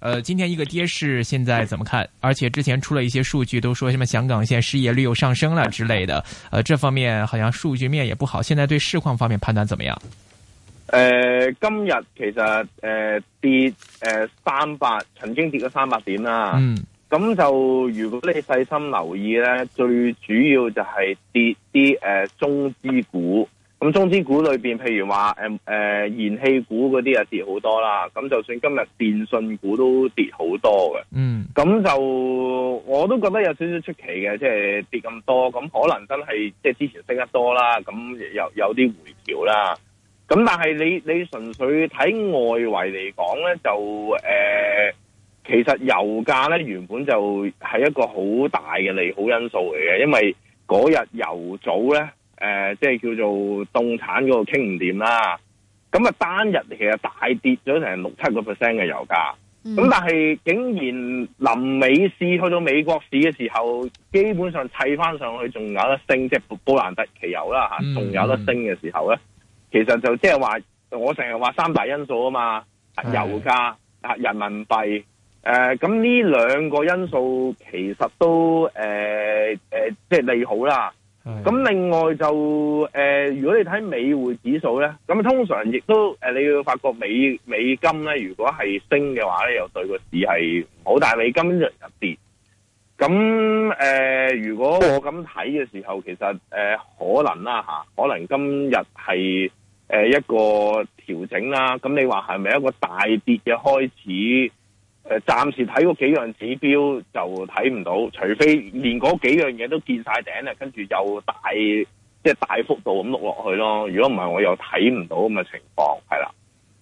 呃今天，一個跌市現在怎麼看？而且之前出了一些數據，都說什麼香港現在失業率又上升了之類的。呃這方面好像數據面也不好。現在對市況方面判斷怎麼樣？呃今日其實呃跌呃三百，300，曾經跌咗三百點啦。嗯。咁就如果你細心留意呢，最主要就係跌啲呃中資股。咁中資股裏邊，譬如話誒誒燃氣股嗰啲啊跌好多啦。咁就算今日電信股都跌好多嘅。嗯。咁就我都覺得有少少出奇嘅，即係跌咁多。咁可能真係即係之前升得多啦，咁有有啲回調啦。咁但係你你純粹睇外圍嚟講咧，就誒、呃，其實油價咧原本就係一個好大嘅利好因素嚟嘅，因為嗰日油組咧。誒、呃，即係叫做凍產嗰個傾唔掂啦，咁啊單日其實大跌咗成六七個 percent 嘅油價，咁但係竟然臨尾市去到美國市嘅時候，基本上砌翻上去仲有得升，即係布蘭特期油啦吓，仲有得升嘅時候咧，其實就即係話我成日話三大因素啊嘛，油價唉 人民幣，誒咁呢兩個因素其實都誒誒即係利好啦。咁另外就誒、呃，如果你睇美匯指數咧，咁通常亦都、呃、你要發覺美美金咧，如果係升嘅話咧，又對個市係好，但美金今日跌。咁誒、呃，如果我咁睇嘅時候，其實誒、呃、可能啦、啊、可能今日係、呃、一個調整啦。咁你話係咪一個大跌嘅開始？誒，暫時睇嗰幾樣指標就睇唔到，除非連嗰幾樣嘢，都見晒頂啦，跟住又大即係、就是、大幅度咁碌落去咯。如果唔係，我又睇唔到咁嘅情況，係啦。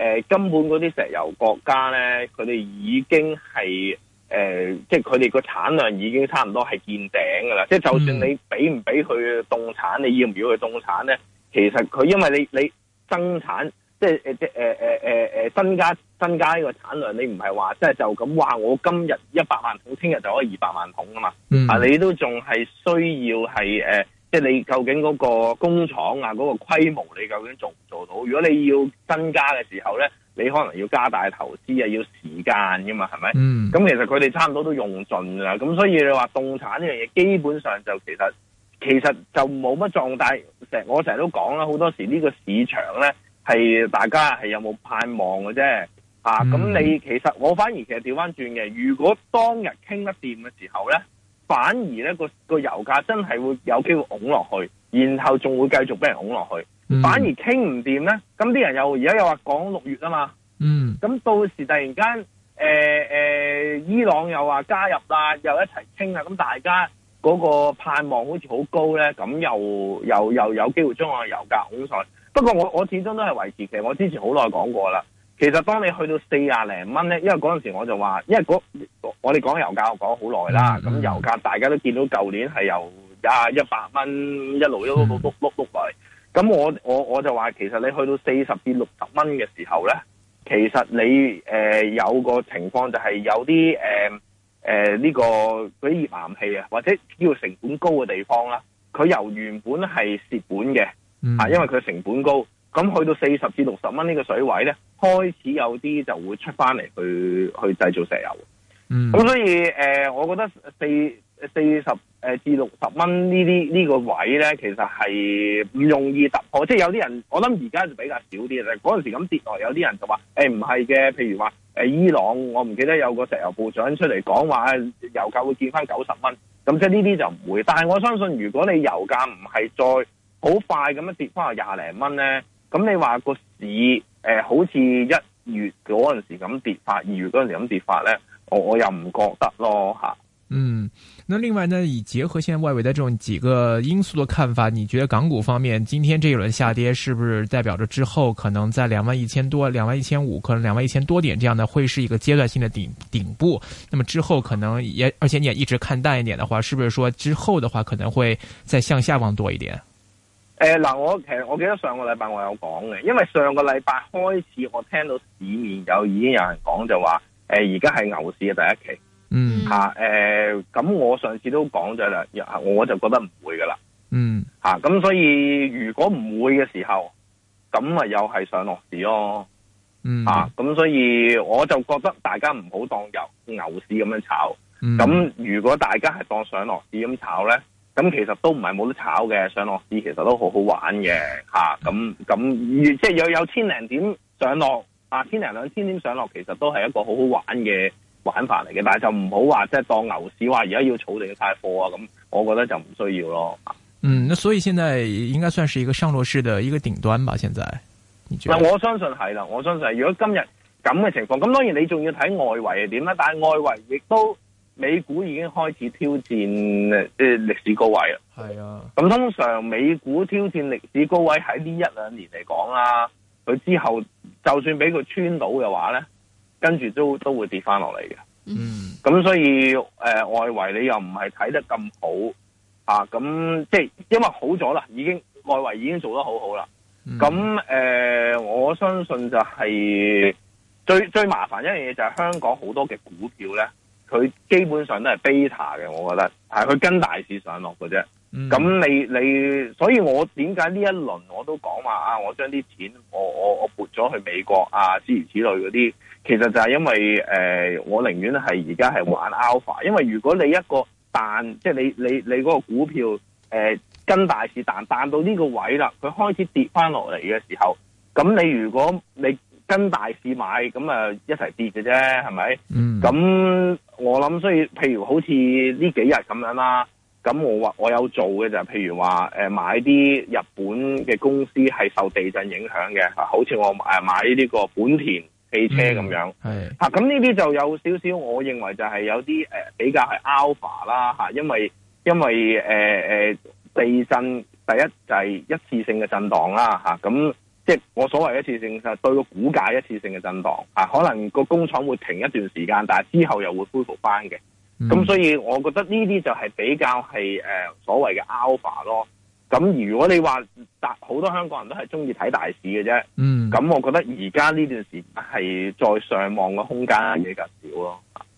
誒、呃、根本嗰啲石油國家咧，佢哋已經係誒、呃，即係佢哋個產量已經差唔多係見頂㗎啦。即係、嗯、就算你俾唔俾佢凍產，你要唔要佢凍產咧？其實佢因為你你增產，即係誒誒誒誒誒誒增加增加呢個產量，你唔係話即係就咁話我今日一百萬桶，聽日就可以二百萬桶啊嘛？嗯、啊，你都仲係需要係誒。呃即係你究竟嗰個工廠啊，嗰、嗰個規模你究竟做唔做到？如果你要增加嘅時候咧，你可能要加大投資啊，要時間噶嘛，係咪？嗯。咁其實佢哋差唔多都用盡噶啦，咁所以你話凍產呢樣嘢，基本上就其實其實就冇乜壯大。成日我成日都講啦，好多時呢個市場咧係大家係有冇盼望嘅啫。吓、嗯啊，咁你其實我反而其實調翻轉嘅，如果當日傾得掂嘅時候咧。反而咧個油價真係會有機會拱落去，然後仲會繼續俾人拱落去。反而傾唔掂咧，咁啲人又而家又話講六月啊嘛，咁、嗯、到時突然間誒、呃呃、伊朗又話加入啦，又一齊傾啦，咁大家嗰個盼望好似好高咧，咁又又又，又有機會將我油價拱上去。不過我我始終都係維持期，我之前好耐講過啦。其實當你去到四廿零蚊咧，因為嗰陣時候我就話，因為我哋講油價我講好耐啦，咁、mm hmm. 油價大家都見到舊年係由廿一百蚊一路一路碌碌碌落嚟，咁、mm hmm. 我我我就話，其實你去到四十至六十蚊嘅時候咧，其實你誒、呃、有個情況就係有啲誒誒呢個嗰啲頁岩氣啊，或者叫成本高嘅地方啦，佢由原本係蝕本嘅，mm hmm. 因為佢成本高。咁去到四十至六十蚊呢個水位咧，開始有啲就會出翻嚟去去製造石油。嗯，咁所以誒，我覺得四四十誒至六十蚊呢啲呢個位咧，其實係唔容易突破。即係有啲人，我諗而家就比較少啲啦。嗰陣時咁跌落，有啲人就話誒唔係嘅。譬如話誒伊朗，我唔記得有個石油部長出嚟講話，油價會見翻九十蚊。咁即係呢啲就唔會。但係我相信，如果你油價唔係再好快咁樣跌翻去廿零蚊咧。咁你話個市誒好似一月嗰陣時咁跌法，二月嗰陣時咁跌法呢？我我又唔覺得咯嚇。嗯，那另外呢，以結合現在外圍的這種幾個因素的看法，你覺得港股方面今天這一輪下跌，是不是代表着之後可能在兩萬一千多、兩萬一千五、可能兩萬一千多點這樣的，會是一個階段性的頂、頂部？那麼之後可能也而且你也一直看淡一點的話，是不是說之後的話可能會再向下望多一點？誒，嗱、呃，我其實我記得上個禮拜我有講嘅，因為上個禮拜開始我聽到市面有已經有人講就話，誒、呃，而家係牛市嘅第一期，嗯，吓、啊，誒、呃，咁我上次都講咗啦，我就覺得唔會㗎啦，嗯，吓、啊，咁所以如果唔會嘅時候，咁咪又係上落市咯，嗯，吓、啊，咁所以我就覺得大家唔好當牛、牛市咁樣炒，咁、嗯啊、如果大家係當上落市咁炒咧，咁、嗯、其實都唔係冇得炒嘅。上落市其實都好好玩嘅，吓咁咁，即係又有千零點上落啊，千零兩千點上落，其實都係一個好好玩嘅玩法嚟嘅。但係就唔好話即係當牛市話而家要儲定晒貨啊，咁我覺得就唔需要咯。嗯，所以現在應該算是一個上落市嘅一個頂端吧？現在，那我相信係啦，我相信如果今日咁嘅情況，咁當然你仲要睇外圍係點啦，但係外圍亦都。美股已經開始挑戰即係歷史高位啦。係啊，咁通常美股挑戰歷史高位喺呢一兩年嚟講啦，佢之後就算俾佢穿到嘅話咧，跟住都都會跌翻落嚟嘅。嗯，咁所以誒、呃、外圍你又唔係睇得咁好啊？咁即係因為好咗啦，已經外圍已經做得好好啦。咁誒、嗯呃，我相信就係最最麻煩一樣嘢就係香港好多嘅股票咧。佢基本上都係 beta 嘅，我覺得係佢跟大市上落嘅啫。咁、嗯、你你，所以我點解呢一輪我都講話啊，我將啲錢我我我撥咗去美國啊，諸如此類嗰啲，其實就係因為誒、呃，我寧願係而家係玩 alpha，因為如果你一個彈，即係你你你嗰個股票誒跟大市彈彈到呢個位啦，佢開始跌翻落嚟嘅時候，咁你如果你跟大市買咁啊，一齊跌嘅啫，係咪？咁、嗯、我諗，所以譬如好似呢幾日咁樣啦，咁我我有做嘅就係，譬如話誒買啲日本嘅公司係受地震影響嘅，好似我誒買呢個本田汽車咁樣。係嚇，咁呢啲就有少少，我認為就係有啲、呃、比較係 alpha 啦嚇，因為因為、呃、地震第一就係、是、一次性嘅震盪啦嚇，咁。啊嗯即係我所謂一次性，就對個股價一次性嘅震盪啊，可能個工廠會停一段時間，但係之後又會恢復翻嘅。咁、嗯、所以，我覺得呢啲就係比較係誒、呃、所謂嘅 alpha 咯。咁如果你話好多香港人都係中意睇大市嘅啫，咁、嗯、我覺得而家呢段時間係再上望嘅空間比較少咯。嗯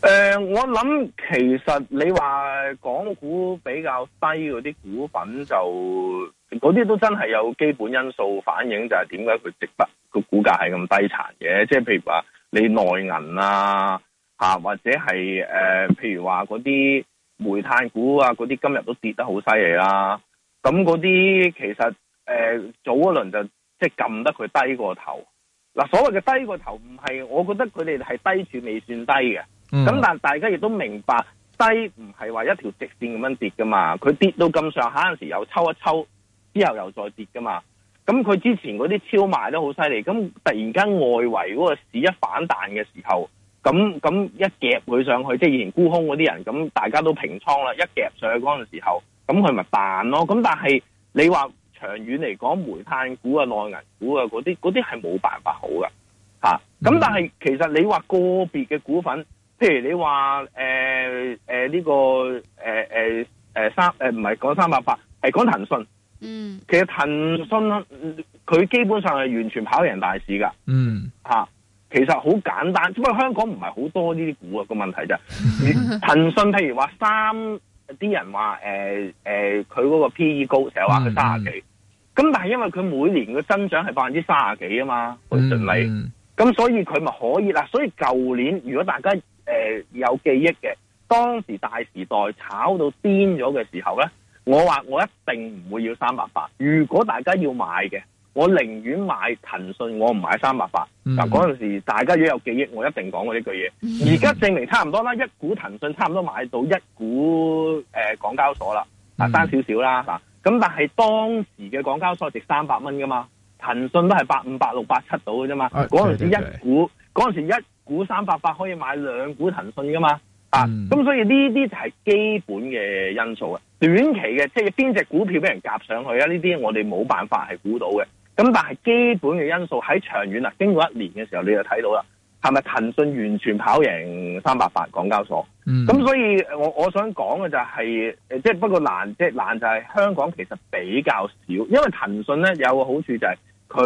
誒、呃，我諗其實你話港股比較低嗰啲股份，就嗰啲都真係有基本因素反映，就係點解佢值得個股價係咁低殘嘅？即係譬如話你內銀啊，吓、啊、或者係誒、呃，譬如話嗰啲煤炭股啊，嗰啲今日都跌得好犀利啦。咁嗰啲其實誒、呃、早一輪就即係撳得佢低過頭。嗱、啊，所謂嘅低過頭唔係，我覺得佢哋係低處未算低嘅。咁、嗯、但大家亦都明白，低唔係話一條直線咁樣跌噶嘛，佢跌到咁上下嗰陣時又抽一抽，之後又再跌噶嘛。咁佢之前嗰啲超賣都好犀利，咁突然間外圍嗰個市一反彈嘅時候，咁咁一夾佢上去，即係以前沽空嗰啲人，咁大家都平倉啦，一夾上去嗰陣時候，咁佢咪彈咯。咁但係你話長遠嚟講，煤炭股啊、內銀股啊嗰啲，嗰啲係冇辦法好噶吓。咁、啊、但係其實你話個別嘅股份。譬如你話誒誒呢個誒誒誒三誒唔係講三百八，係講騰訊，嗯，其實騰訊佢基本上係完全跑贏大市噶，嗯，吓、啊、其實好簡單，只不過香港唔係好多呢啲股啊，個問題啫， 騰訊譬如話三啲人話誒誒佢嗰個 PE 高成日話佢卅幾，咁、嗯、但係因為佢每年嘅增長係百分之卅幾啊嘛，佢順利，咁、嗯、所以佢咪可以啦，所以舊年如果大家誒、呃、有記憶嘅，當時大時代炒到癲咗嘅時候咧，我話我一定唔會要三百八。如果大家要買嘅，我寧願買騰訊，我唔買三百八。嗱嗰陣時候大家如果有記憶，我一定講過呢句嘢。而家、嗯、哼證明差唔多啦，一股騰訊差唔多買到一股誒港、呃、交所啦、嗯、哼點點啦，嗱爭少少啦，嗱咁但係當時嘅港交所值三百蚊噶嘛，騰訊都係百五百六百七到嘅啫嘛，嗰陣、啊、時候一股。啊對對對對。嗰陣時一股三百八可以買兩股騰訊㗎嘛，啊，咁所以呢啲就係基本嘅因素啊。短期嘅即係邊隻股票俾人夾上去啊？呢啲我哋冇辦法係估到嘅。咁但係基本嘅因素喺長遠啊，經過一年嘅時候，你就睇到啦，係咪騰訊完全跑贏三百八港交所？咁、嗯、所以我我想講嘅就係、是，即係不過難，即係難就係香港其實比較少，因為騰訊呢有個好處就係、是。佢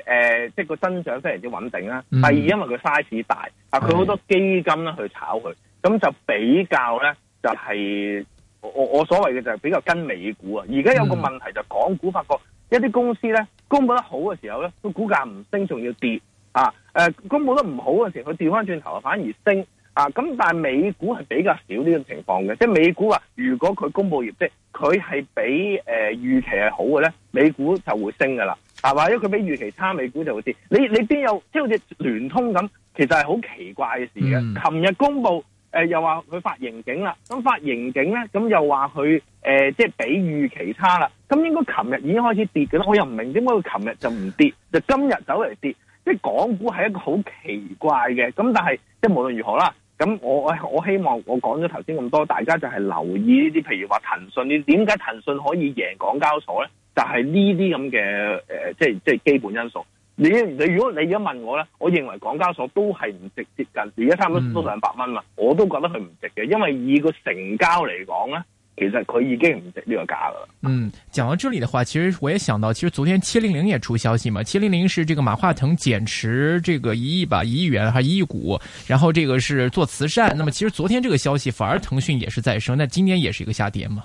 誒、呃、即係個增長非常之穩定啦。第二，因為佢 size 大，啊，佢好多基金咧去炒佢，咁就比較咧就係、是、我我所謂嘅就係比較跟美股啊。而家有個問題就港股發覺一啲公司咧公佈得好嘅時候咧，個股價唔升仲要跌啊！呃、公佈得唔好嘅時候，佢調翻轉頭啊反而升啊！咁但係美股係比較少呢種情況嘅，即係美股啊，如果佢公佈業績佢係比誒預期係好嘅咧，美股就會升噶啦。係嘛？因為佢比預期差，美股就會跌。你你邊有即係好似聯通咁，其實係好奇怪嘅事嘅。琴日、嗯、公佈誒、呃，又話佢發盈警啦。咁發盈警咧，咁又話佢誒，即係比預期差啦。咁應該琴日已經開始跌嘅啦。我又唔明點解佢琴日就唔跌，就今日走嚟跌。即係港股係一個好奇怪嘅。咁但係即係無論如何啦。咁我我希望我講咗頭先咁多，大家就係留意呢啲，譬如話騰訊，你點解騰訊可以贏港交所咧？但係呢啲咁嘅誒，即係即係基本因素。你你如果你而家問我咧，我認為港交所都係唔值接近，而家差唔多都兩百蚊啦，嗯、我都覺得佢唔值嘅，因為以個成交嚟講咧，其實佢已經唔值呢個價啦。嗯，講到這裏的話，其實我也想到，其實昨天七零零也出消息嘛，七零零是這個馬化騰減持這個一億吧，一億元，還是一億股，然後這個是做慈善。那麼其實昨天這個消息反而騰訊也是再升。但今天也是一個下跌嘛。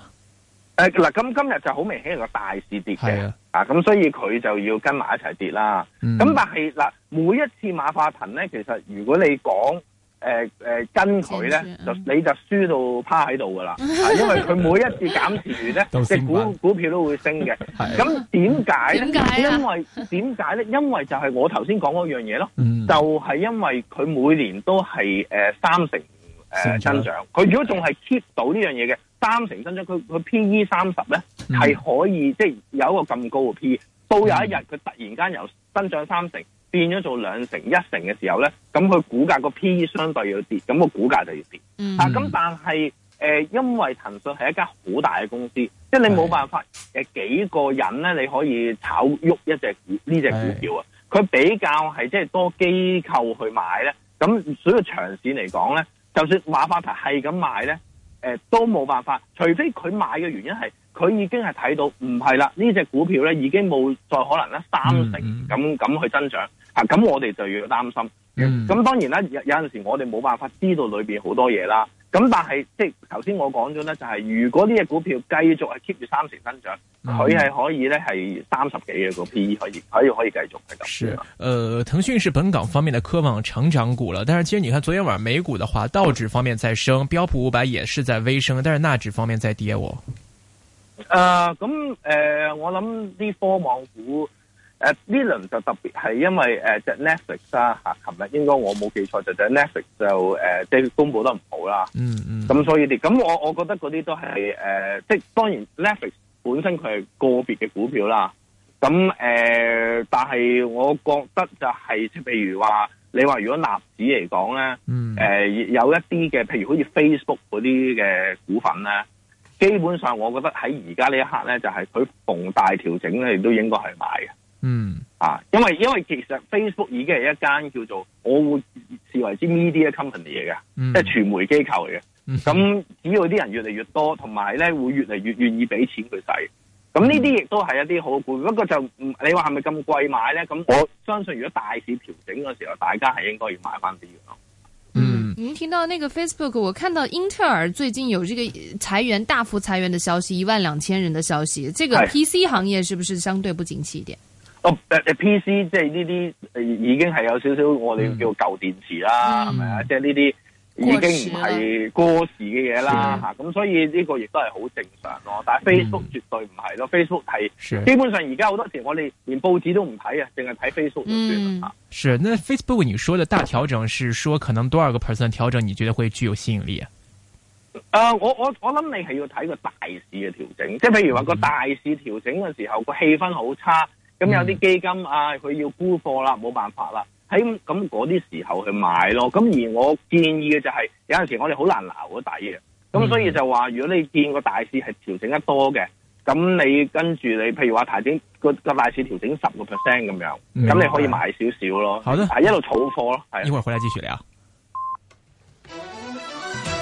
誒，嗱，咁今日就好明顯係個大市跌嘅，啊，咁所以佢就要跟埋一齊跌啦。咁但係嗱，每一次馬化騰咧，其實如果你講誒誒跟佢咧，就你就輸到趴喺度噶啦，因為佢每一次減持完咧，即股股票都會升嘅。咁點解咧？點解咧？因為點解咧？因為就係我頭先講嗰樣嘢咯，就係因為佢每年都係誒三成誒增長，佢如果仲係 keep 到呢樣嘢嘅。三成增長，佢佢 P E 三十咧，係、嗯、可以即係、就是、有一個咁高嘅 PE。到有一日佢、嗯、突然間由增長三成變咗做兩成、一成嘅時候咧，咁佢股價個 P E 相對要跌，咁、那個股價就要跌。嗯、啊，咁但係、呃、因為騰訊係一家好大嘅公司，嗯、即係你冇辦法是幾個人咧，你可以炒喐一隻呢隻股票啊。佢是比較係即係多機構去買咧，咁所以長線嚟講咧，就算馬化騰係咁買咧。誒，都冇辦法，除非佢買嘅原因係佢已經係睇到，唔係啦，呢隻股票咧已經冇再可能咧三成咁咁去增長，啊、mm，咁、hmm. 我哋就要擔心。咁、mm hmm. 當然啦，有有陣時我哋冇辦法知道裏邊好多嘢啦。咁但係即係頭先我講咗咧，就係、是、如果呢隻股票繼續係 keep 住三成增長，佢係、嗯、可以咧係三十幾嘅個 PE 可以，可以可以繼續咁。是，呃，騰訊是本港方面的科網成長股啦。但是其實你看，昨天晚上美股的話，道指方面在升，標普五百也是在微升，但係納指方面在跌。喎、呃，誒、嗯，咁、呃、誒，我諗啲科網股。誒，呢輪、啊、就特別係因為誒，隻 Netflix 啦吓，琴、啊、日應該我冇記錯就隻 Netflix 就誒，即、啊、係公布得唔好啦。嗯嗯。咁、嗯、所以啲，咁我我覺得嗰啲都係誒、啊，即係當然 Netflix 本身佢係個別嘅股票啦。咁誒、啊，但係我覺得就係、是，即譬如話，你話如果納指嚟講咧，誒、嗯呃，有一啲嘅，譬如好似 Facebook 嗰啲嘅股份咧，基本上我覺得喺而家呢一刻咧，就係、是、佢逢大調整咧，亦都應該係買嘅。嗯，啊，因為因為其實 Facebook 已經係一間叫做我會視為之 media company 嚟嘅，嗯、即係傳媒機構嚟嘅。咁只、嗯、要啲人越嚟越多，同埋咧會越嚟越願意俾錢佢使，咁呢啲亦都係一啲好股。不過就你話係咪咁貴買咧？咁我相信如果大市調整嘅時候，大家係應該要買翻啲嘅咯。嗯，你、嗯、聽到那個 Facebook，我看到英特爾最近有這個裁員大幅裁員的消息，一萬兩千人的消息。這個 PC 行業是不是相對不景氣一點？Oh, PC 即係呢啲誒，已經係有少少我哋叫舊電池啦，係咪啊？即係呢啲已經唔係過時嘅嘢啦，吓，咁，所以呢個亦都係好正常咯。但係 Facebook 絕對唔係咯，Facebook 係是是基本上而家好多時我哋連報紙都唔睇啊，淨係睇 Facebook 就算啦。是，那 Facebook 你說嘅大調整是說可能多少個 percent 調整？你覺得會具有吸引力啊？啊、uh,，我我我諗你係要睇個大市嘅調整，即係譬如話個大市調整嘅時候個氣、嗯、氛好差。咁、嗯嗯、有啲基金啊，佢要沽貨啦，冇辦法啦。喺咁嗰啲時候去買咯。咁而我建議嘅就係、是、有陣時候我哋好難撈底嘅。咁所以就話，如果你見個大市係調整得多嘅，咁你跟住你譬如話提整個大市調整十個 percent 咁樣，咁你可以買少少咯。好係白一路儲貨咯。因一會兒我哋繼續